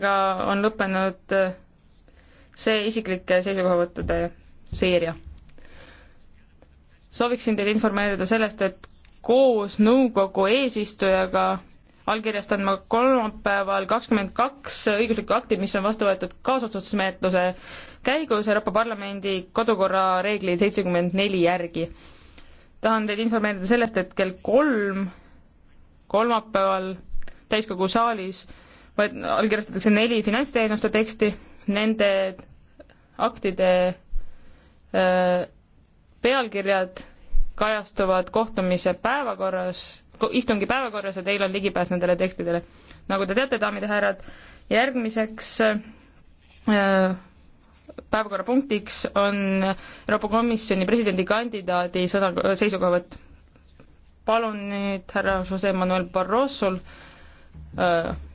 sellega on lõppenud äh, see isiklike seisukohavõttude seeria. sooviksin teid informeerida sellest, et koos nõukogu eesistujaga allkirjastan ma kolmapäeval kakskümmend kaks õiguslikku akti, mis on vastu võetud kaasotsustusmenetluse käigus Euroopa Parlamendi kodukorra reegli seitsekümmend neli järgi. tahan teid informeerida sellest, et kell kolm kolmapäeval täiskogu saalis allkirjastatakse neli finantsteenuste teksti, nende aktide äh, pealkirjad kajastuvad kohtumise päevakorras, istungi päevakorras ja teil on ligipääs nendele tekstidele. nagu te teate, daamid ja härrad, järgmiseks äh, päevakorrapunktiks on Euroopa Komisjoni presidendikandidaadi sõna, seisukohavõtt. palun nüüd härra Jose Manuel Barrosol öö, äh,